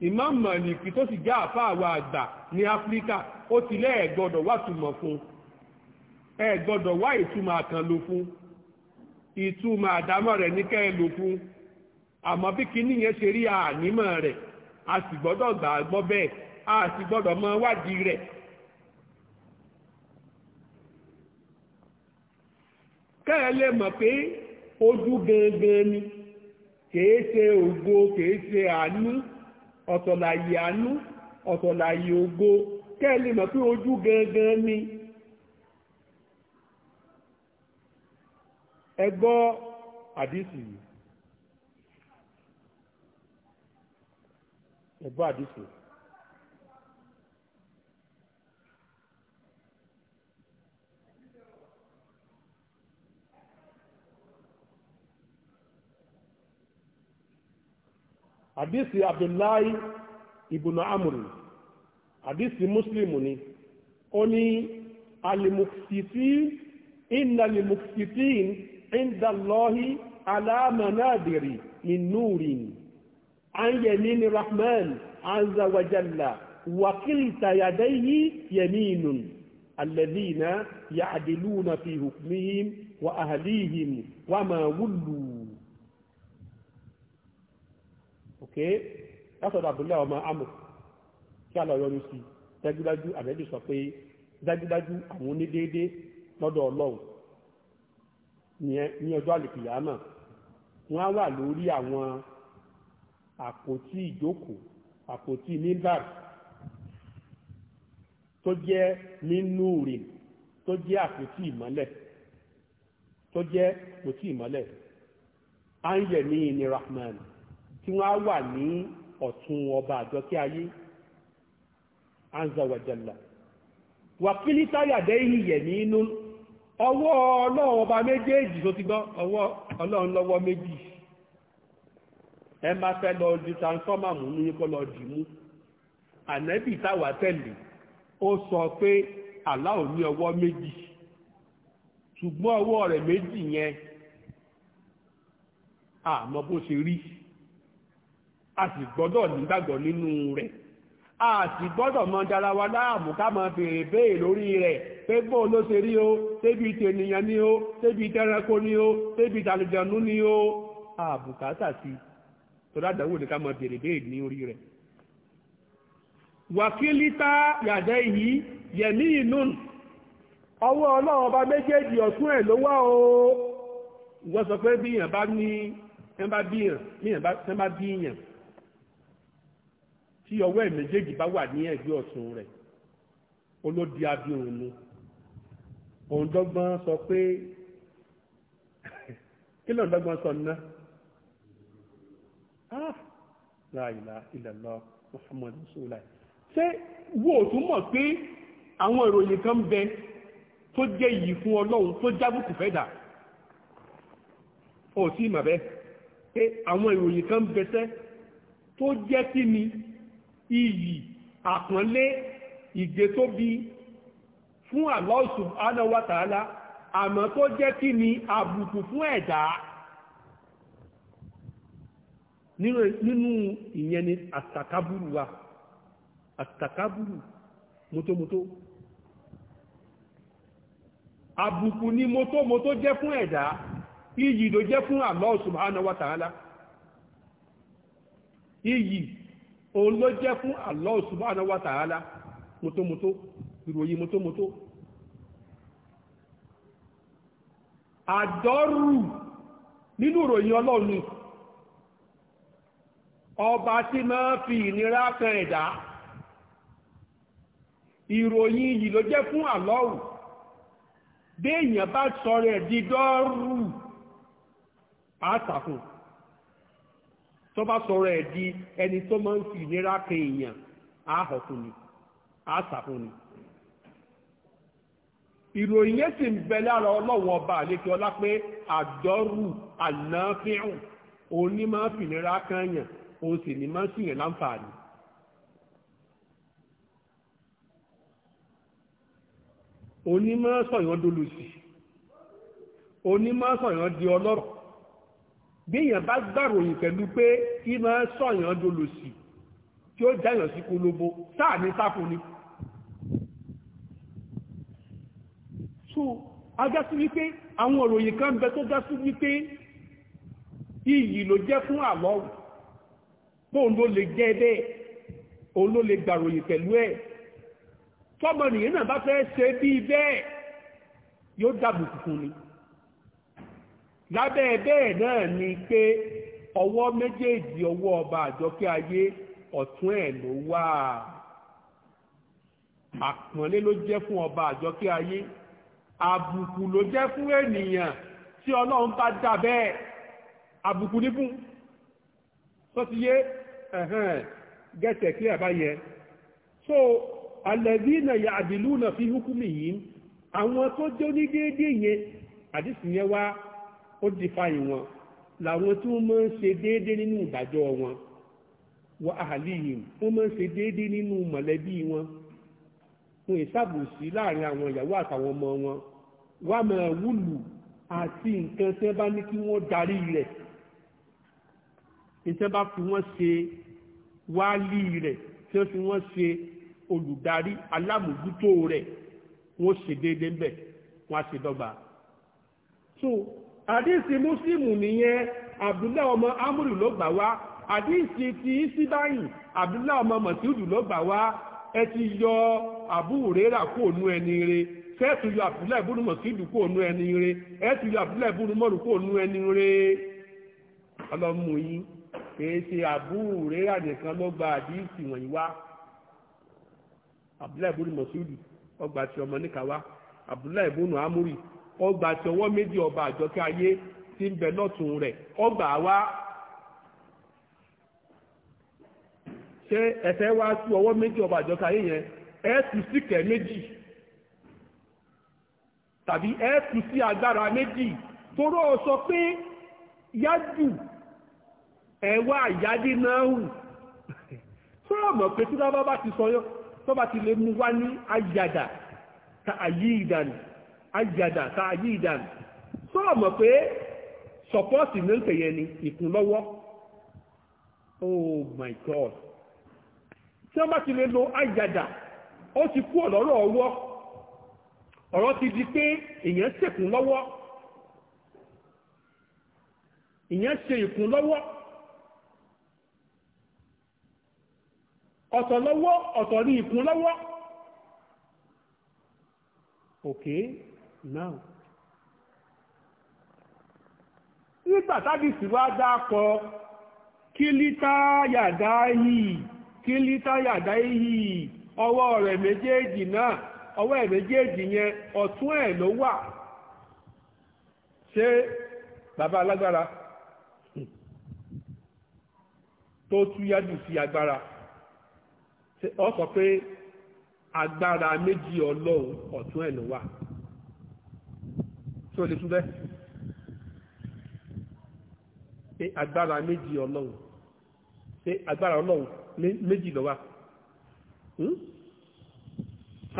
Imam Maliki tó sì já àfá àwọn àgbà ní áfíríkà ó ti lẹ́ ẹ gbọ́dọ̀ wá túmọ̀ fún ẹ gbọ́dọ̀ wá ìtumọ̀ àkànlò fún ìtumọ̀ àdámọ̀ rẹ̀ ní kẹ́ ẹ lò fún àmọ́ bí kinní yẹn ṣe rí ànímọ̀ rẹ̀ a sì gbọ́dọ̀ gbà gbọ́ bẹ́ẹ̀ a sì gbọ́dọ̀ mọ wádìí rẹ̀. kẹ́ ẹ lè mọ̀ pé ojú gangan ni kèé ṣe ògo àánú ọ̀tọ̀ láyé àánú ọ̀tọ̀ láyé ògo kẹ́lì mọ̀ pé ojú gangan ni ẹ gbọ́ àdìsí yìí ẹ gbọ́ àdìsí yìí àdìsí abdullahi ibùnà amúrù àdìsí muslim ni ó ní alimuksitin inna limuksitin inda allahi alamanadiri min nurin an yamin rahman azza wa jalla wa kilta yadayhi yaminun alladhina ya'diluna fi hukmihim wa ahlihim wa ma wullu pé látọ̀dọ̀ àbúlẹ̀ ọmọ amọ̀ kí a lọ yọnu sí dájúdájú sọ pé dájúdájú àwọn onídéédé lọ́dọ̀ ọlọ́run ní ọjọ́ wọ́n wà lórí àwọn àpótí ìjókòó àpótí tó jẹ́ nínú tó jẹ́ àpótí ìmọ́lẹ̀ tó jẹ́ àpótí ìmọ́lẹ̀ rahman tí wọ́n á wà ní ọ̀tún ọba àjọkẹ́ ayé anzawajalla wàkílí táyàdé ìyẹ̀ nínú ọwọ́ ọlọ́run ọba méjèèjì tó ti gbọ́ ọwọ́ ọlọ́run lọ́wọ́ méjì ẹ máa fẹ́ lọ di transformer mú ní kó lọ dì mú ànẹ́bì tẹ̀lé ó sọ pé ní ọwọ́ méjì ṣùgbọ́n ọwọ́ rẹ̀ méjì yẹn àmọ́ bó ṣe rí a sì gbọ́dọ̀ nígbàgbọ́ nínú rẹ̀ a sì gbọ́dọ̀ mọ dára wa láàmú ká máa béèrè béèrè lórí rẹ̀ pé bó ló ṣe rí o débi tènìyàn ni o débi tẹranko ni o débi tàlùjànú ni o àbùkátà sí tọ́ládàwò ní ká máa béèrè béèrè ní orí rẹ̀ wàkílítà yàdẹ́ yìí yẹ̀mí inú ọwọ́ ọlọ́run ọba méjèèjì ọ̀tún ẹ̀ ló wà o wọ́n sọ pé bíyàn bá ní ẹmbá tí ọwọ́ ẹ̀ méjèèjì bá wà ní ẹ̀gbẹ́ ọ̀tún rẹ̀ olódi abirùn ni òun dọ́gbọ́n sọ pé kí ló ń dọ́gbọ́n sọ ná ah, láìlá ìlàlọ́ Muhammad sọ́lá ṣé wo ò tún mọ̀ pé àwọn ìròyìn kan bẹ tó jẹ́ yìí fún Ọlọ́run tó jábùkù fẹ́ dà ó sì mà bẹ́ẹ̀ pé àwọn ìròyìn kan bẹ sẹ́ tó jẹ́ kí ni iyì àpọ́nlé ìgbétóbi fún Allah subhanahu wa ta'ala àmọ́ tó jẹ́ kí ni àbùkù fún ẹ̀dá nínú ìyẹn ni àtàkábùrù wa àtàkábùrù mótómótó àbùkù ni mótómótó jẹ́ fún ẹ̀dá iyì ló jẹ́ fún Allah subhanahu wa òun ló jẹ́ fún Allah subhanahu wa ta'ala mọ́tòmọ́tò ìròyìn mọ́tòmọ́tò àdọ́rù nínú ìròyìn ọlọ́run ni ọba tí máa fi ìnira kan ẹ̀dá ìròyìn yìí ló jẹ́ fún àlọ́rù béèyàn bá sọ rẹ̀ di dọ́rù àtàkùn tó bá sọ̀rọ̀ ẹ̀ di ẹni tó máa ń fi ìnira kan èèyàn á họ̀ fún ni á sà fún ni. ìròyìn yẹn sì ń bẹ lára ọlọ́wọ́ ọba àlejò ọlá pé àjọrù ànáfíhùn òun máa ń fi ìnira kan èèyàn òun sì ní máa ń sìyàn láǹfààní. onímọ̀ sọ̀yàn dolùsì onímọ̀ sọ̀yàn di ọlọ́rọ̀ bíyàn bá gbàròyìn pẹ̀lú pé kí máa sọ̀yàn dolòsì tí ó jáyàn sí kólóbó sáà ní sáfún ni so ajá sí wípé àwọn òròyìn kan bẹ tó já sí wípé iyì ló jẹ́ fún àlọ́ bóun ló lè jẹ́ bẹ́ẹ̀ òun ló lè gbàròyìn pẹ̀lú ẹ̀ tọ́mọ nìyẹn náà bá fẹ́ ṣe bíi bẹ́ẹ̀ yóò dàbùkù fún ni lábẹ́ bẹ́ẹ̀ náà ni pé ọwọ́ méjèèjì ọwọ́ ọba àjọkẹ́ ayé ọ̀tún ẹ̀ ló wà àpọ́nlé ló jẹ́ fún ọba àjọkẹ́ ayé àbùkù ló jẹ́ fún ènìyàn tí ọlọ́run bá dà bẹ́ẹ̀ àbùkù níbùn tó ti yé ẹ̀hẹ́n kí ẹ̀bá so alẹ́bí na yà àdìlú na fi húkú mi yìí àwọn tó jẹ́ onídéédé yẹn àdìsí yẹn wá ó define wọn làwọn tí wọ́n máa ń ṣe déédé nínú ìdájọ́ wọn wọ àhàlìyìn wọ́n máa ń ṣe déédé nínú mọ̀lẹ́bí wọn wọn ìṣàbòsí láàrin àwọn ìyàwó àtàwọn ọmọ wọn wọ́n á máa wúlù àti nǹkan tí wọ́n bá ní kí wọ́n darí rẹ̀ tí wọ́n bá fi wọ́n ṣe wáálí rẹ̀ tí wọ́n fi wọ́n ṣe olùdarí alámòójútó rẹ̀ wọ́n ṣe déédé ń bẹ̀ wọ́n á ṣe dọ́gba àdíìsì múslímù nìyẹn abdullahi ọmọ amúrù ló gbà wá àdíìsì ti síbáyìn abdullahi ọmọ mọ̀síùdù ló gbà wá ẹ ti yọ àbúrérà kó ònú ẹni re fẹ́ẹ̀tù yọ abdullahi búrú mọ̀síùdù kó ònú ẹni re ẹ ti yọ abdullahi búrú mọ́rù kó ònú ẹni re ọlọ́mú yín kìí ṣe àbúrérà nìkan ló gba àdíìsì wọ̀nyí wá abdullahi búrú mọ̀síùdù ọgbà tí ọmọ níkà wá abdullahi amúrì ọgbà tí ọwọ́ méjì ọba àjọkẹ́ ayé ti ń bẹ lọ́tún rẹ̀ ọgbà wá ṣé ẹ̀fẹ́ wá sí ọwọ́ méjì ọba àjọkẹ́ ayé yẹn ẹ̀ tù sí méjì tàbí ẹ̀ tù agbára méjì toró sọ pé yájú ẹ̀wà àyádé náà hù sọ́rọ̀ mọ̀ pé tí wọ́n bá ti sọ yọ́ tó bá ti lè mú wá ní ta ajada tá a yí ìdànù mọ̀ pé sọ̀pọ́ọ̀tì ló ń ni ìkúnlọ́wọ́ oh my god tí wọ́n bá ti lè lo ayíjàdà ó ti kú ọ̀lọ́rọ̀ ọwọ́ ọ̀rọ̀ ti di pé èèyàn ṣèkún lọ́wọ́ ṣe ìkún ọ̀tọ̀ lọ́wọ́ ọ̀tọ̀ ní now nígbà tábìsì wá dákọ kílítáyàdá yìí kílítáyàdá yìí ọwọ́ rẹ̀ méjèèjì náà ọwọ́ ẹ̀ méjèèjì yẹn ọ̀tún ẹ̀ ló wà ṣé bàbá alágbára tó túyájú sí agbára ọ sọ pé agbára méjì ọlọ́run ọ̀tún tó lè tún bẹ́ pé agbára méjì ọlọ́run pé agbára ọlọ́run méjì ló wà hmm?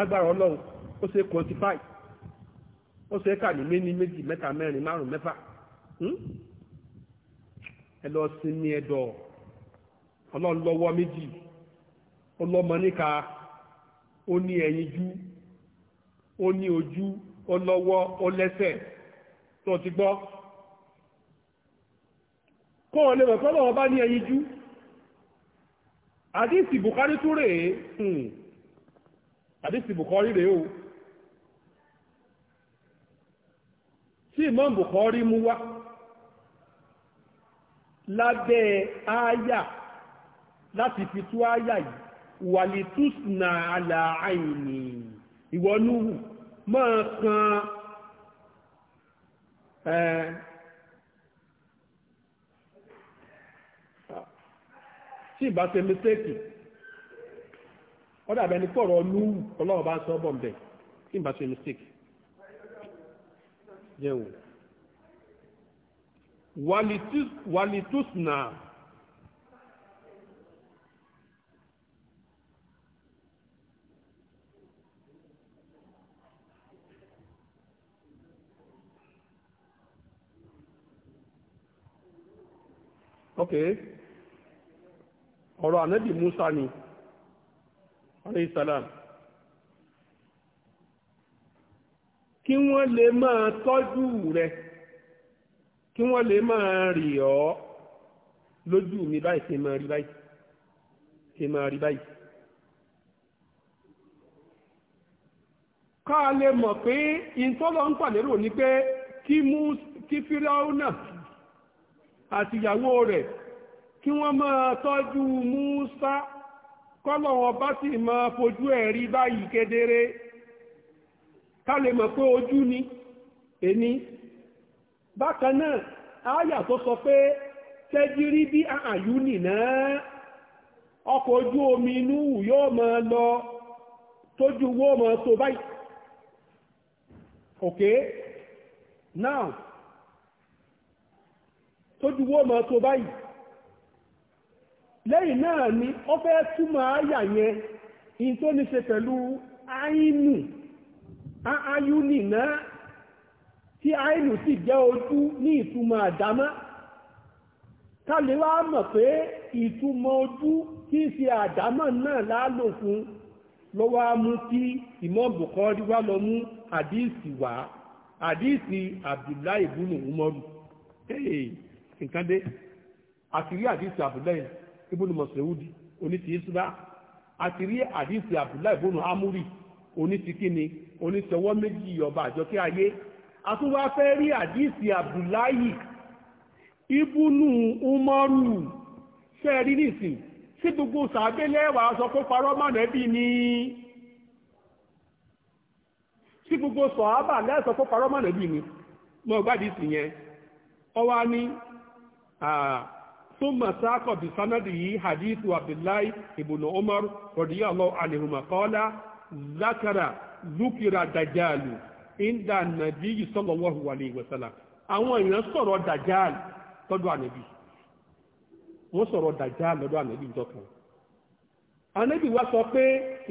agbára ọlọ́run ó ṣe quantify ó ṣe kà ní méní méjì mẹ́ta mẹ́rin márùn mẹ́fà hmm? ẹ lọ sinmi ẹ̀dọ̀ ọlọ́run lọ́wọ́ méjì ọlọ́mọ níka ó ní ẹ̀yinjú ó ní ojú ó lọ́wọ́ ó lẹ́sẹ̀ tó ti gbọ́ kọ́ ọ lè mọ̀ pé ọlọ́wọ́ bá ní ẹyin jú àdísì Bukhari tún rèé àdísì hmm. Bukhari rèé o tí Imam Bukhari mú wá lábẹ́ ááyà láti fi tú ááyà yìí wàlítùsùnà àlàáìní ìwọ̀núhù máa kan tí ìbá ṣe mistake ọ̀dà bẹni pọ̀rọ̀ lúù ọlọ́run bá sọ bọ̀ bẹ̀ tí ìbá ṣe mistake jẹun wàlítúsùnà. ok ọ̀rọ̀ ànábì Musa ni alayhi salam kí wọ́n lè máa tọ́jú rẹ̀ kí wọ́n lè máa rì ọ́ lójú mi báyìí ṣe máa rí báyìí ṣe máa rí báyìí. ká lè mọ̀ pé ìtọ́lọ́ ń pàlérò ni pé kí Fíráúnà ìyàwó rẹ̀ kí wọ́n máa tọ́jú Musa kọ́lọ̀ wọn bá sì máa fojú ẹ̀rí báyìí kedere ká lè mọ̀ pé ojú ni ẹni bákan náà ááyà tó sọ pé tẹ́jírí bí àyú nìna ọkọ̀ ojú omi inú yóò máa lọ tójú wó máa tó báyìí okay now tójú wó mọ́ tó báyìí lẹ́yìn náà ni ó fẹ́ túmọ̀ àyà yẹn in tó ní ṣe pẹ̀lú àínù àáyúnì náà tí àínù sì jẹ́ ojú ní ìtumọ̀ àdámọ́ ká lè wá mọ̀ pé ìtumọ̀ ojú tí ṣe àdámọ́ náà lálò fún ló mú kí ìmọ̀ bùkọ́rí wá lọ mú àdíìsì wá àdíìsì Abdullahi ibùnú umaru hey nǹkan dé àtìrí àdìsí abdullahi ibùnú mọ̀sẹ̀wúdi oní ti isra àtìrí àdìsí abdullahi ibùnú amúrì oní ti kíni oní ti ọwọ́ méjì ọba àjọkẹ́ ayé àtúwá fẹ́ rí àdìsí abdullahi ibùnú umaru fẹ́ rí nìsín sí gbogbo sàbẹ́lẹ́wà sọ pé parọ́ mọ̀nẹ́bí ni sí gbogbo sọ̀hábà lẹ́sọ̀ pé parọ́ mọ̀nẹ́bí ni mo gbádìí sí yẹn ọwá ní ثم ساق بسنده حديث عبد الله بن عمر رضي الله عنهما قال ذكر ذكر دجال عند النبي صلى الله عليه وسلم àwọn èèyàn sọ̀rọ̀ dajal lọ́dọ̀ ànẹ́bí wọ́n sọ̀rọ̀ dajal lọ́dọ̀ ànẹ́bí ìjọkan ànẹ́bí wá sọ pé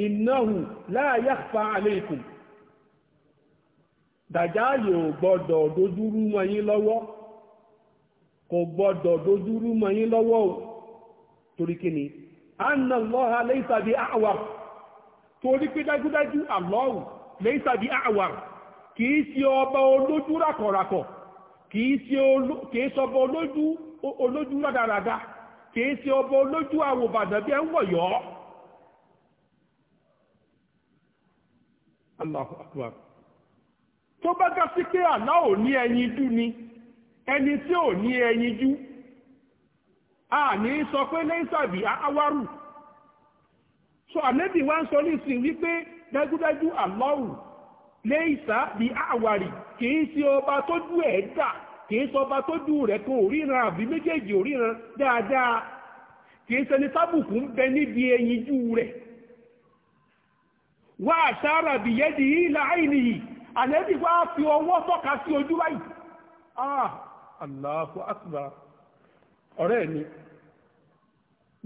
innahu la yakhfa alaykum dajal kò gbọdọ̀ dojúrú mọ́ yín lọ́wọ́ o torí kí ni anna Allaha awa tori a'war torí pé dájúdájú Allahu awa bi a'war ọba olójú rákọ̀rákọ̀ kìí ṣe ọba olójú ọba olójú àwòbàdàn bí ẹ ń wọ̀yọ́ tó bá gá ni ẹni tí ò ní jú, a ní sọ pé lẹ́sàbí awárù so ànẹ́bì wá ń sọ nísìn wípé dájúdájú àlọ́rù lẹ́ìsà bí àwàrì kìí sí ọba tójú ẹ̀ dà kìí sọ ọba tójú rẹ̀ kan òríran àbí méjèèjì òríran dáadáa kìí sẹni tábùkù ń bẹ níbi ẹyinjú rẹ̀ wá àṣàrà bìyẹ́dì yìí láàyè nìyí ànẹ́bì wá fi ọwọ́ tọ́ka sí ojú báyìí ah, Allahu Akbar ọ̀rẹ́ ni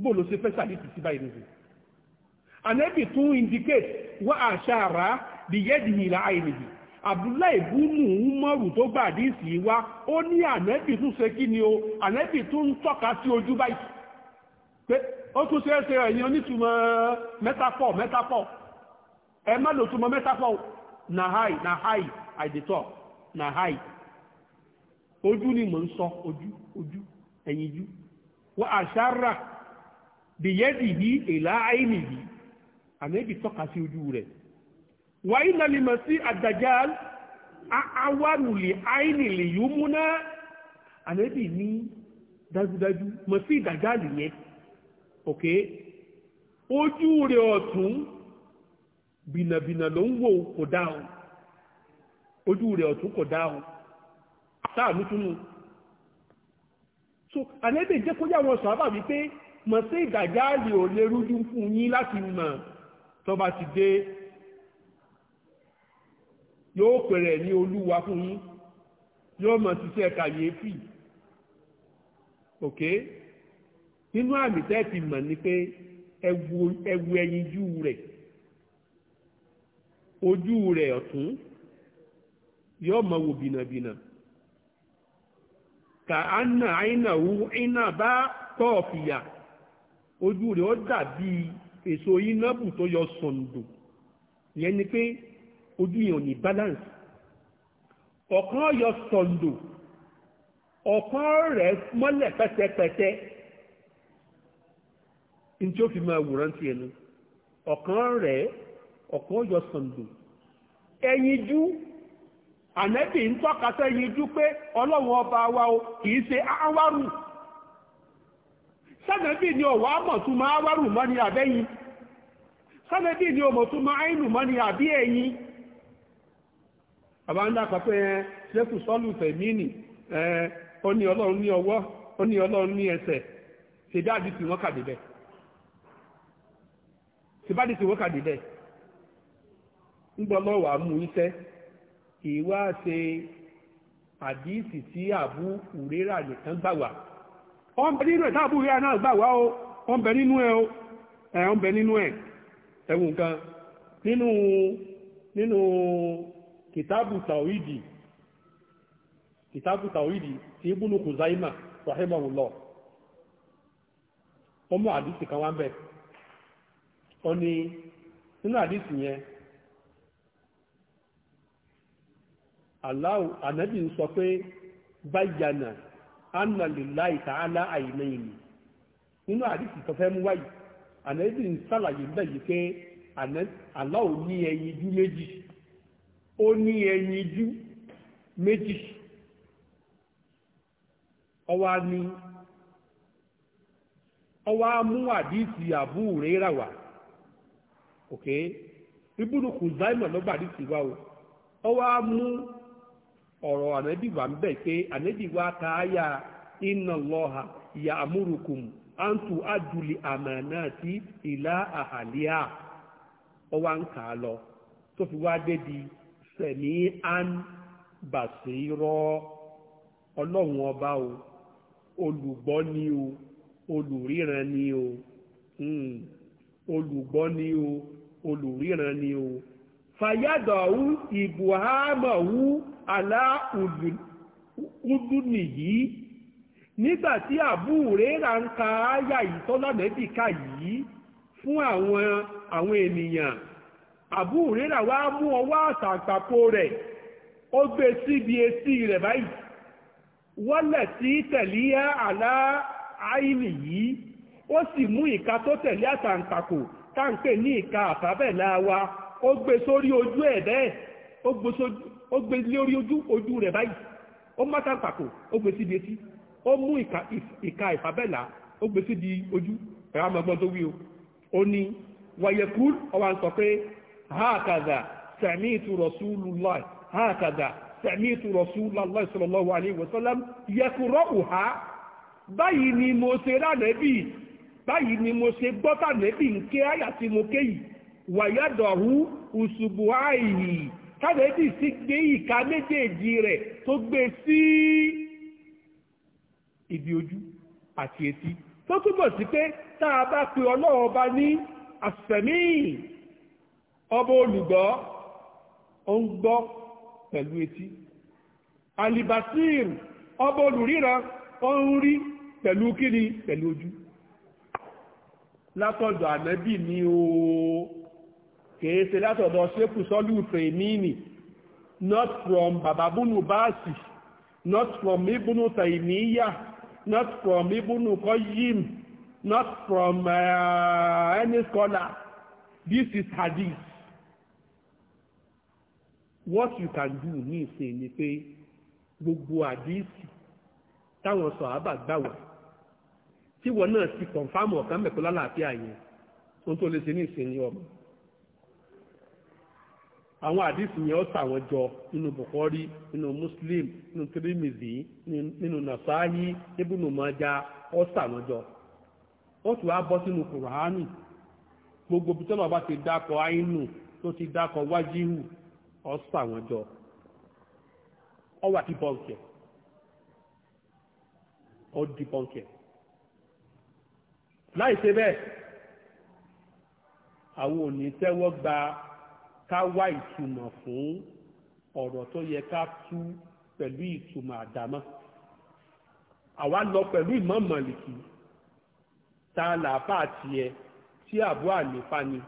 bó ló ṣe fẹ́ sàdíkì báyìí nìyí anẹ́bì tún indicate wá àṣàrà bí yẹ́dì abụla àìnìyí Abdullahi búnú mọ́rù tó gbà díìsì wá ó ní anẹ́bì tún ṣe kí ni o anẹ́bì tún ń sí ojú báyìí pé ó tún ṣe é ṣe ojú ni mò ń sọ ojú ojú ẹ̀yìn jú wọ́n àṣàrà bìyẹ́dì yìí èlà àìní yìí àmẹ́bí tọ́ka sí ojú rẹ̀ wàá ìnàlímọ̀ sí àdàjàl àwárùlé àìní lè yóò múná àmẹ́bí ní dájúdájú mọ̀ sí ìdàjàl yẹn ok ojú rẹ̀ ọ̀tún bìnàbìnà ló ń wò kò dáhùn ojú rẹ̀ ọ̀tún kò dáhùn táàmù túnú so ànẹ́bì jẹ́ kó yàwọn sàábà wípé mọ̀ sí ìdàjáàlì ò lè rújú fún yín láti mọ̀ tó bá ti dé yóò pèrè ní olúwa fún yín yóò mọ̀ ṣiṣẹ́ kàyéfì ok nínú àmì tẹ́ẹ̀fì mọ̀ ni pé ẹwu ẹyinjú rẹ̀ ojú rẹ̀ ọ̀tún yóò mọ̀ wò bìnàbìnà. Bina ka á nà àìnà wú iná bá tọ́ọ̀fìyà ojú rẹ̀ ó dàbí èso tó yọ sọ̀ǹdò ìyẹn ni pé ojú yẹn ò ní balance ọ̀kan yọ sọ̀ǹdò ọ̀kan mọ́lẹ̀ ní tí ó fi máa wòrán tiẹ̀ nu ọ̀kan rẹ̀ ọ̀kan yọ sọ̀ǹdò ànẹ́bì ń tọ́ka sẹ́yìn jú pé ọlọ́run ọba wa o kìí ṣe áwárù sẹ́nẹ́bì ni ọ̀wọ́ àmọ̀túnmọ̀ áwárù mọ́ ni àbẹ́yìn sẹ́nẹ́bì ni ọmọ̀túnmọ̀ àìnù mọ́ ni àbí ẹ̀yìn bàbá ń dákọ̀ pé ṣékù sọ́lù tẹ̀mínì ó ní ọlọ́run ní ọwọ́ ó ní ọlọ́run ní ẹsẹ̀ ṣèbí àdìsí wọ́n kàdé bẹ́ẹ̀ wọ́n kàdé bẹ́ẹ̀ ń gbọ́ lọ́wọ́ àmú iṣẹ́ ìwá ṣe àdíìsì tí àbú òrérà nìkan gbà wá nínú ẹ̀ náà o ó ń nínú ó nínú ẹ̀ nínú nínú kìtàbù tàwídì tí ibùnú ọmọ àdíìsì kan ọ ni nínú àdíìsì yẹn aláwò ànábì ń sọ pé báyànà ánàlélá ìtàhálà àìmọ ìlú nínú àdìsí tó fẹ́ mú wáyé ànábì ń sàlàyé bẹ́ẹ̀ yìí pé aláwò ní ẹyinjú méjì ó ní ẹyinjú méjì ọwá ní ọwá mú àdìsí àbú rírà wá òkè ibùdókù ló gbàdìsí wá o ọwá mú. ọ̀rọ̀ ànábì wà ń bẹ̀ pé ànábì wá ka áyà iná lọ́ha ìyá amúrukùn aduli àdùlì àmà ila sí ìlà àhàlíà ọwá ń kà á lọ tó fi wá débi an án bàṣírọ́ ọlọ́run ọba o olùgbọ́ ni o olùríran ni o hmm, olùgbọ́ ni o olùríran ni o fàyàdọ̀ ọ̀hún ìbùhámọ̀ ọ̀hún. aláhùdùnì yìí nígbà tí àbú rẹ́ra ń ka áyà yìí tọ́lá mẹ́bìkà yìí fún àwọn àwọn ènìyàn àbú rẹ́ra wá mú ọwọ́ àtàgbàpò rẹ̀ ó gbé síbi etí rẹ̀ báyìí wọ́lẹ̀ tí tẹ̀lé aláàìní yìí ó sì mú ìka tó tẹ̀lé àtàǹpàkò táǹpẹ̀ ní ìka àbábẹ̀lá wa ó gbé sórí ojú ẹ̀ bẹ́ẹ̀ ó gbé sójú ó gbé lórí ojú ojú rẹ̀ báyìí ó mọ́tà pàkó ó gbé síbi etí ó mú ìka ìfàbẹ́là ó gbé síbi ojú ẹ̀rọ amọ̀gbọ́n tó wí o ó ní wàyẹ̀kú ọwà ń sọ pé háàkàdà sẹ̀mí ìtura súlùlọ́ háàkàdà sẹ̀mí ìtura súlùlọ́ sallallahu alaihi wasallam yẹkùrọ̀ òhà báyìí ni mo ṣe rà báyìí ni mo ṣe gbọ́tà ń ké àyà tí mo ké yìí wàyẹ̀dọ̀hún òṣùbù àìyí kábẹ́ẹ̀tì sì gbé ìka méjèèjì rẹ̀ tó gbé sí ibi ojú àti etí tó túbọ̀ sí pé tá a bá pe ọlọ́run ọba ní àsẹ̀mí ọba olùgbọ́ ó ń gbọ́ pẹ̀lú etí alibasir ọba olùríran ó ń rí pẹ̀lú kíni pẹ̀lú ojú látọ̀dọ̀ ànábì ni ooo kèé ṣe látọ̀dọ̀ ṣékù sọ́lù fèmíìnì not from bababunu baasi not from ibunu taimiya not from ibunu koyim not from uh, any scholar this is hadith what you can do ní ìsìn ni pé gbogbo àdíìsì táwọn sọ àbá gbà wá tí wọn náà ti kọ̀ǹfàmù ọ̀kan mẹ́kọ́ lálàáfíà yẹn ohun tó lè ṣe ní ìsìn ni ọmọ àwọn àdìsí yẹn ó nínú bukhari nínú muslim nínú tirimizi nínú nasahi ibùnú mọ́já ó tà jọ ó tún wá bọ́ sínú kùránì gbogbo bí tọ́lọ̀ bá ti dákọ̀ àínú tó ti dákọ̀ wájíhù ó ká wá ìtumọ̀ fún ọ̀rọ̀ tó yẹ ká tú pẹ̀lú ìtumọ̀ àdámọ́ àwa lọ pẹ̀lú ìmọ̀ mọ̀lìkì ta làáfà tiẹ̀ tí àbú àlefa ni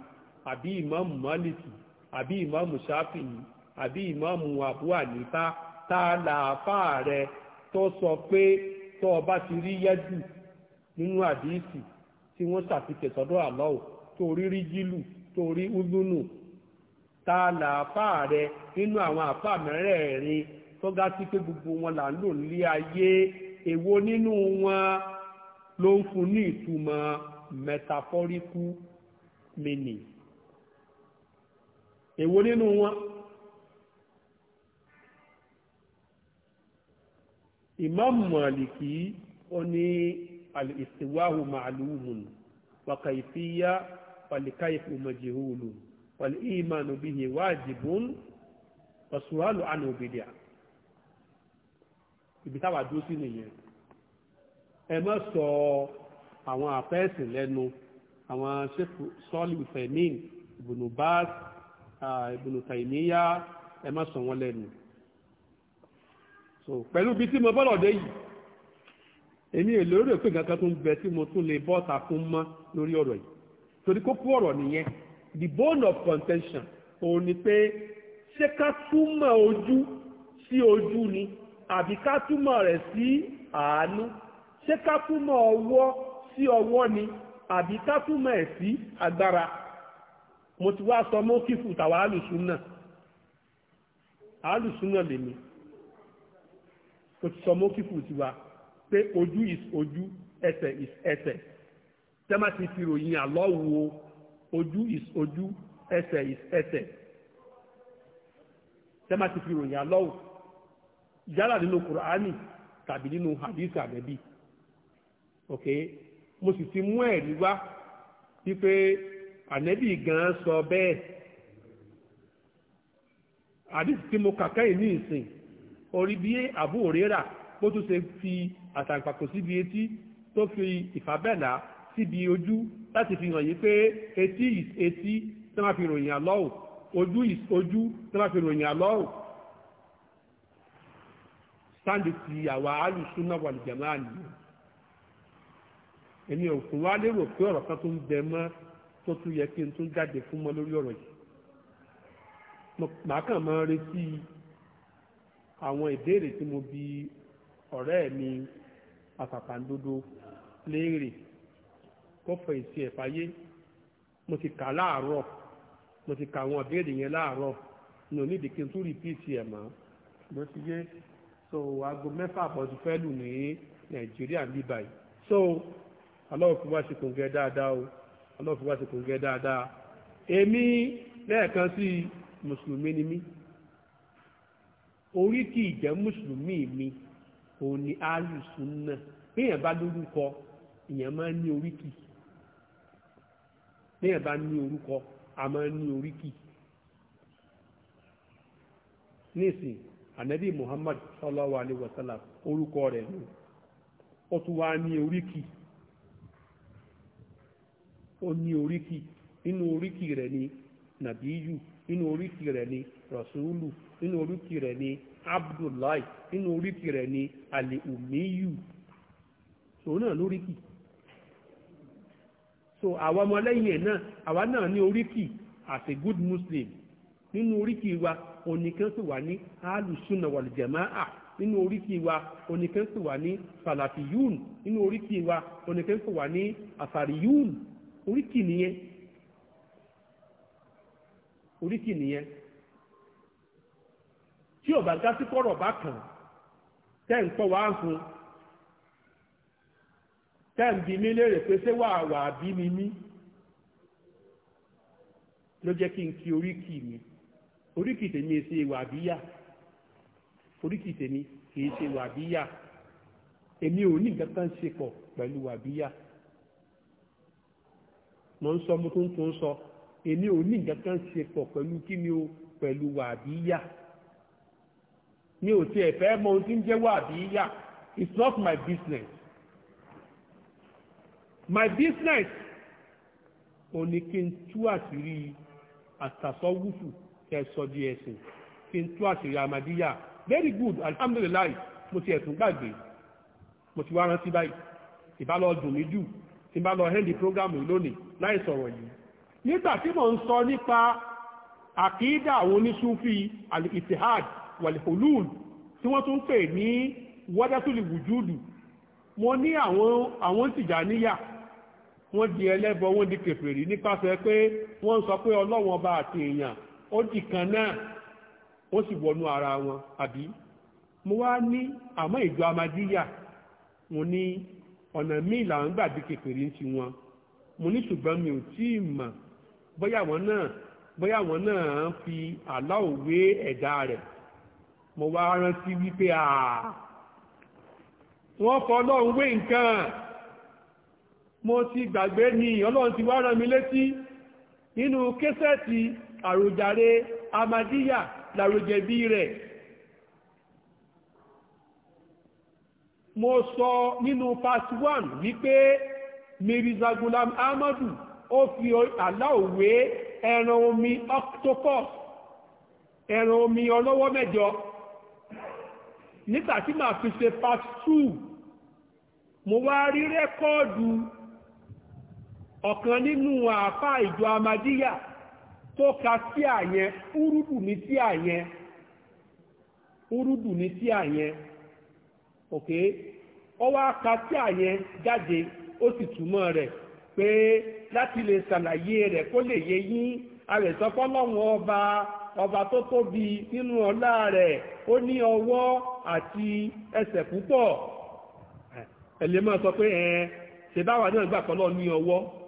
àbí ìmọ̀ mọ̀lìkì àbí ìmọ̀ mùsáfìyì àbí ìmọ̀ àbú àlefa ta làáfà rẹ tó sọ pé tó o bá ti rí yẹ́dù nínú àdìsí tí wọ́n ṣàfihàn sọ́dọ̀ àlọ́ ò tó rí jílù tó rí ta là rẹ nínú àwọn àfáà mẹ́rẹ̀ẹ̀rin tó ga sí pé gbogbo wọn là ń lò nílé ayé èwo nínú wọn ló ń fún ní ìtumọ̀ metaphorical meaning èwo nínú wọn imam maliki ó ní al wal imanu bihi wajibun wasuwalu anu bidia ibi táwa dúró sí nìyẹn ẹ má sọ àwọn àfẹ́sìn lẹ́nu àwọn sẹ́fù sọ́ọ̀lì ìfẹ̀mín ìbùnú báàs ìbùnú tàìmíyá ẹ má sọ wọn lẹ́nu so pẹ̀lú bí tí mo bọ́lọ̀ dé yìí èmi èlò rẹ̀ pé nǹkan kan tó ń bẹ tí mo tún lè bọ́ta fún mọ́ lórí ọ̀rọ̀ yìí torí kókó ọ̀rọ̀ nìyẹn the bone of contention òun ni pé ṣé ká túmọ̀ ojú sí ojú ni àbí ká túmọ̀ rẹ̀ sí àánú ṣé ká túmọ̀ ọwọ́ sí ọwọ́ ni àbí ká túmọ̀ ẹ̀ sí agbára mo ti wá sọ mọ́ kífù tàwa alùsùnà alùsùnà lèmi mo ti sọ mọ́ tiwa pé ojú is ojú ẹsẹ̀ is ẹsẹ̀ tẹ́mátì fi ròyìn àlọ́ wo ojú is ojú ẹsẹ̀ is ẹsẹ̀ tẹ́mà ti fi ròyìn alọ́wù yálà nínú kùránì tàbí nínú hadith àbẹ́bí ok mo sì ti mú ẹ̀rí wá wípé ànẹ́bí gan sọ bẹ́ẹ̀ hadith tí mo kà kẹ́yìn ní ìsìn orí bí àbú òrérà bó tún ṣe fi àtàǹpàkò síbi etí tó fi ìfàbẹ́là síbi ojú láti fi hàn yí pé etí etí tí wọ́n fi ròyìn àlọ́wù ojú ojú tí wọ́n fi ròyìn àlọ́wù sáǹdì ti àwa alùsùnà wà lìjàmá nìyẹn èmi ò fún wa lérò pé ọ̀rọ̀ kan tó ń àwọn ìbéèrè tí mo bi ọ̀rẹ́ mi àpàpàǹdodo léèrè kó fọ èsì ẹ̀ fàyè mo ti kà láàárọ̀ mo ti kà àwọn ìbéèrè yẹn láàárọ̀ mi ò nídìí kí tún rìpíìtì ẹ̀ mọ́ mo ti yé so aago mẹ́fà àbọ̀dún fẹ́ lù ní nàìjíríà ní báyìí so aláwọ̀ fún wa ṣe kò ń gẹ dáadáa o aláwọ̀ fún wa ṣe kò ń gẹ dáadáa èmi lẹ́ẹ̀kan sí mùsùlùmí ni mí orí kì í jẹ́ mùsùlùmí mi òun ni alùsùn náà bí èèyàn bá lórúkọ èèyàn máa ń ní oríkì bẹ́ẹ̀ bá ní orúkọ a máa ní oríkì nísìn ànábì Muhammad sallallahu alayhi wa sallam orúkọ rẹ̀ nù ó tún wá ní oríkì ó ní oríkì nínú oríkì rẹ̀ ni nàbíyù nínú oríkì rẹ̀ ni rasulu nínú oríkì ni abdullahi so àwa ọmọlẹ́yìn ẹ̀ náà àwa náà ní oríkì as a good muslim nínú oríkì wa onìkan sì wà ní alùsùnà wàlìjàmáà nínú oríkì wa onìkan sì wà ní salafiyun nínú oríkì wa onìkan sì wà ní asariyun oríkì nìyẹn oríkì nìyẹn tí ò bá gásí kọ́rọ̀ bá kàn tẹ́ ń pọ̀ wá fún un tẹ́ǹbì mi léèrè pé ṣé wàá wà mi mí ló jẹ́ kí n kí oríkì mi oríkì tèmi e ṣe oríkì tèmi ṣe wàbíyà èmi ò ní ṣe pọ̀ pẹ̀lú mo ń sọ mo tuntun sọ èmi ò ní nǹkan ṣe pọ̀ pẹ̀lú kí ni o pẹ̀lú mi ò tiẹ̀ fẹ́ mọ ohun tí ń it's not my business. my business òun ni kí n tú àṣírí àtàsọ́wùfù kẹsọ di ẹ̀sìn kí n tú àṣírí àmàdíyà very good alhamdulillah mo ti ẹ̀sùn gbàgbé mo ti wá rántí báyìí ìbálò dùn mí jù tí bá lọ hẹ́ndì prógámù lónìí láì sọ̀rọ̀ yìí nígbà tí mo ń sọ nípa àkídà àwọn oníṣúfì al-ittihad wal-hulul tí wọ́n tún pè ní wadatul wujudu mo ní àwọn Tìjàníyà wọ́n di ẹlẹ́bọ wọ́n di kèfèrí nípasẹ̀ pé wọ́n sọ pé ọlọ́wọ́n bá àti èèyàn ó di kan náà ó sì wọnú ara wọn àbí mo wá ní àmọ́ ìjọ amadíyà mo ní ọ̀nà míì làwọn gbà di kèfèrí ti wọn mo ní ṣùgbọ́n mi ò tí ì mọ̀ bóyá wọn náà bóyá wọn náà ń fi àlá òwe ẹ̀dá rẹ̀ mo wá rántí wípé à wọ́n fọ́ ọlọ́run wé nǹkan mo ti gbàgbé ni ọlọ́run ti wá rán mi létí nínú késẹ́ẹ̀tì àròjàre amadíyà làròjẹ̀bí rẹ̀ mo sọ nínú part one wípé mirza gulam amadu ó fi aláòwé ẹran omi octopus ẹran omi ọlọ́wọ́ mẹ́jọ nígbà tí màá fi ṣe part two mo wá rí rẹ́kọ́ọ̀dù ọ̀kan nínú àfá ìjọ amadíyà tó ka sí àyẹn úrúdù ní sí àyẹn úrúdù ní sí àyẹn ok ó wá ka sí àyẹn jáde ó sì túmọ̀ rẹ̀ pé láti lè ṣàlàyé rẹ̀ kó lè yé yín àrẹ̀sọ́fọ́lọ́wọ́n ọba ọba tó tóbi nínú ọlá rẹ̀ ó ní ọwọ́ púpọ̀ sọ pé ẹ̀ náà gbà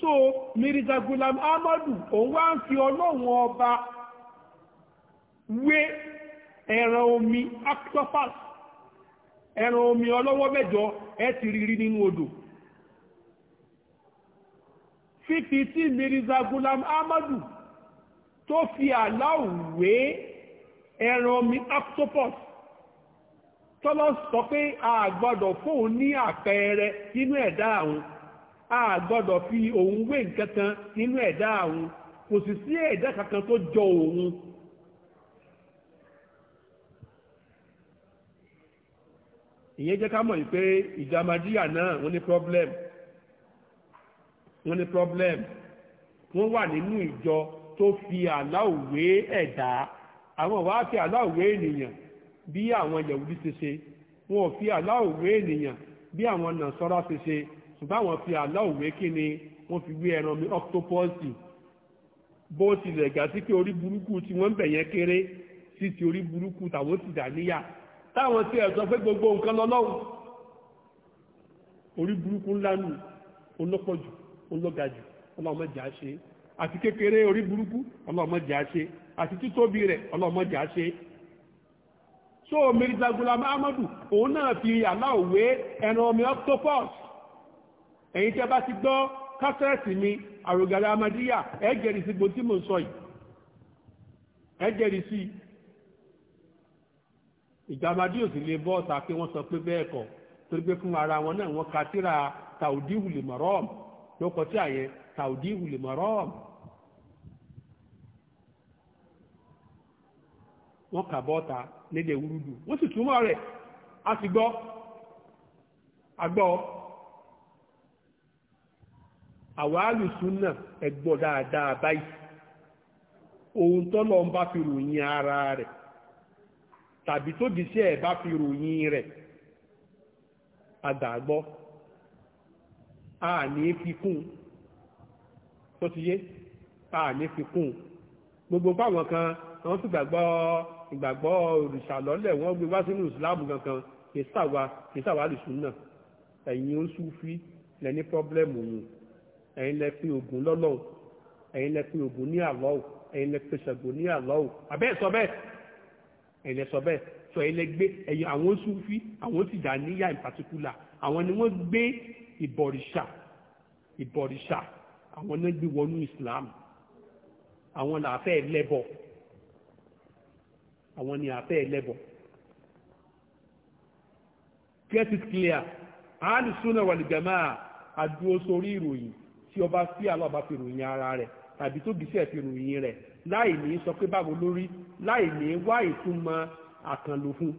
so Mirza Gulam Ahmadu òun wá ń fi ọlọ́run ọba wé ẹran omi octopus ẹran omi ọlọ́wọ́ mẹ́jọ ẹ ti rírí nínú odò fífi tí Mirza Gulam Ahmadu tó fi àláwé ẹran omi octopus tọ́lọ́ sọ pé a gbọ́dọ̀ fóun ní àpẹẹrẹ nínú ẹ̀dá àwọn a gbọ́dọ̀ fi òun wé nǹkan kan nínú ẹ̀dá òun kò sì sí ẹ̀dá kankan tó jọ òun ìyẹn jẹ́ ká mọ̀ pé ìjàmàdíyà náà wọ́n ní problem wọ́n ní problem wọ́n wà nínú ìjọ tó fi àláòwé ẹ̀dá àwọn wàá fi àláòwé ènìyàn bí àwọn yahudi ṣe ṣe wọn ò fi àláòwé ènìyàn bí àwọn nàṣọ́ra ṣe ṣe ṣùgbọ́n àwọn fi àlọ́ òwe kí ni wọ́n fi wé ẹran mi octopusi bó tilẹ̀ gà sí pé orí burúkú tí wọ́n ń bẹ̀ yẹn kéré sí ti orí burúkú tàwọn ti dà níyà táwọn ti ẹ̀ sọ pé gbogbo nǹkan lọ́lọ́run orí burúkú ńlá nù olópọ̀jù ológajù ọlọ́run má jẹ́ á ṣe àti kékeré orí burúkú ọlọ́run má àti títóbi rẹ̀ ọlọ́run má so Mirza Ghulam òun náà fi àláòwé ẹran omi octopus ẹ̀yin tí a bá ti gbọ́ kásẹ̀tì mi àrògàdà amadíyà ẹ jẹ́rìí sí gbogbo tí mò ń sọ yìí ẹ jẹ́rìí sí ìjà amadíyà sì lè bọ́ ọ̀tà pé wọ́n sọ pé bẹ́ẹ̀ kọ́ torí pé fún ara wọn náà wọ́n ka tíra tàùdí wùlè mọ̀rọ́ọ̀mù lóko tí àyẹ tàùdí wùlè mọ̀rọ́ọ̀mù wọ́n kà bọ́ta nílẹ̀ wúrúdù wọ́n sì túmọ̀ rẹ̀ a sì gbọ́ agbọ́ àwa àlùsúnà ẹgbọ́ dáadáa báyìí ohun tọ́lọ́ ń bá fi ròyìn ara rẹ̀ tàbí tó di sí ẹ̀ bá fi ròyìn rẹ̀ àgbàgbọ́ a ní fi kún tó ti yé a ní fi kún gbogbo báwọn kan àwọn tó gbàgbọ́ ìgbàgbọ́ òrìṣà lọ́lẹ̀ wọ́n gbé wá sínú ìsìláàmù kankan kìí sàwà kìí sàwà àlùsúnà ẹ̀yin ó súfí lẹ́ní pọ́blẹ́mù yìí ẹ̀yin lẹ pé Ògún lọ́lọ́hùn ẹ̀yin lẹ pé Ògún ní àlọ́hùn ẹ̀yin lẹ pé Ṣàngó ní àlọ́hùn àbẹ́ sọ bẹ́ẹ̀ ẹ̀yin lẹ sọ bẹ́ẹ̀ sọ ẹ̀yin lẹ gbé ẹ̀yin àwọn Súfí àwọn Tìjàníyà in particular àwọn ni wọ́n gbé ìbọ̀rìṣà ìbọ̀rìṣà àwọn náà gbé wọnú Islam àwọn làáfẹ́ lẹ́bọ̀ àwọn ni àfẹ́ lẹ́bọ̀ get it clear àánú súnà wàlìgàmáà àdúró sórí ìròyìn tí ọba sí aláàbá fi ròyìn ara rẹ̀ tàbí tó gbèsè fi ròyìn rẹ̀ láì ní sọ pé báwo lórí láì ní wá ìtumọ̀ àkànlò fún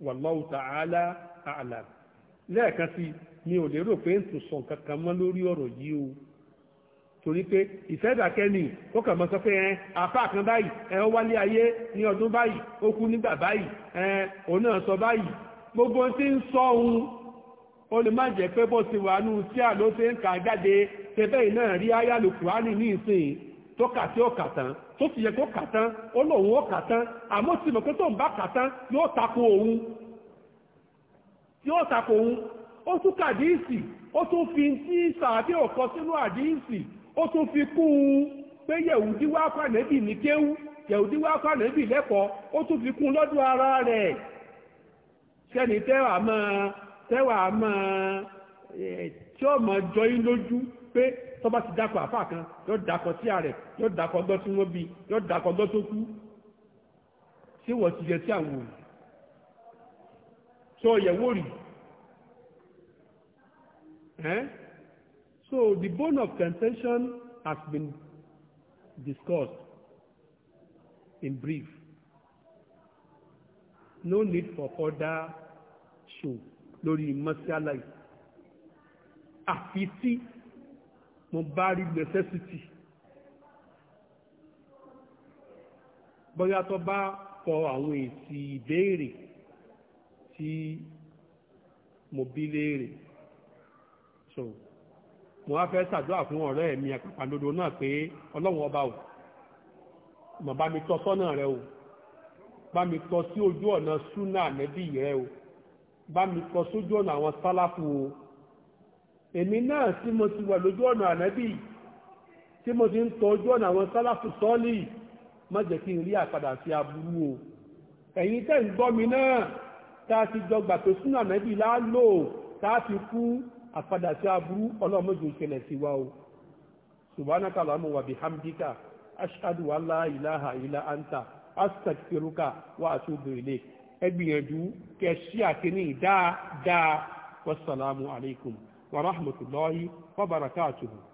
wallahu ta'ala a'lam lẹ́ẹ̀kan sí mi ò lérò pé ń tún sọ nǹkan kan mọ́ lórí ọ̀rọ̀ yìí o torí pé ìfẹ́dàkẹ́ni ó kàn mọ́ sọ pé ẹn apá kan báyìí ẹn wálé ayé ní ọdún báyìí ó kú nígbà báyìí ẹn òun náà sọ báyìí gbogbo tí ń sọ ohun ó lè má pé bó ti wà nú sí àló ṣe ń kà jáde tẹ́bẹ́ iná rí áyálù kùránì ní ìsìn tó kà tí ó tán tó ti yẹ kó kà tán ó lóun ó tán mọ̀ pé tó ń bá kà tán yóò tako òun yóò tako òun ó tún kà fi tí un pé ní kéwú fi kún lọ́dún ara rẹ̀ sẹ́ni tẹ́ tẹ́wàá máa tí ó mọ̀ jọ yín lójú pé tó bá ti dákọ̀ àfà kan yóò dákọ̀ tí àrẹ̀ yóò dákọ̀ ọgbọ́n tí wọ́n bí yóò dákọ̀ ọgbọ́n tó kú tí wọ́n ti yẹ tí àwọn òòrùn tó yẹ̀wò rí So the bone of contention has been discussed in brief. No need for further show lórí mọ́sálà yìí àfi tí mo bá rí necessity bóyá tó bá kọ àwọn èsì ìbéèrè tí mo bí léèrè so mo wá fẹ́ ṣàdúrà fún ọ̀rẹ́ mi àpàpàdodo náà pé ọlọ́run ọba ò mọ̀ bá mi tọ́ sọ́nà rẹ o bá mi tọ́ sí ojú ọ̀nà súnà nẹ́bí rẹ o bá mi kọ sójú ọ̀nà àwọn sálàfù o èmi náà tí mo ti wà lójú ọ̀nà ànábì tí mo ti ń tọ ojú ọ̀nà àwọn sálàfù sọ́ọ̀lì má jẹ́ kí n rí àpadà sí aburú o ẹ̀yin tẹ́ ń gbọ́ mi náà tá a ti jọ gbà pé súnà ànábì láálò tá a fi kú àpadà sí aburú ọlọ́mọdé ìṣẹ̀lẹ̀ sí wa o subhanaka allahumma wa bihamdika ashhadu an la ilaha illa anta astaghfiruka wa atubu ilayk ẹ gbìyànjú kẹ́ ṣí àkíní dáadáa wasalaamu alaykum wa rahmatulahi wa barakatuhu.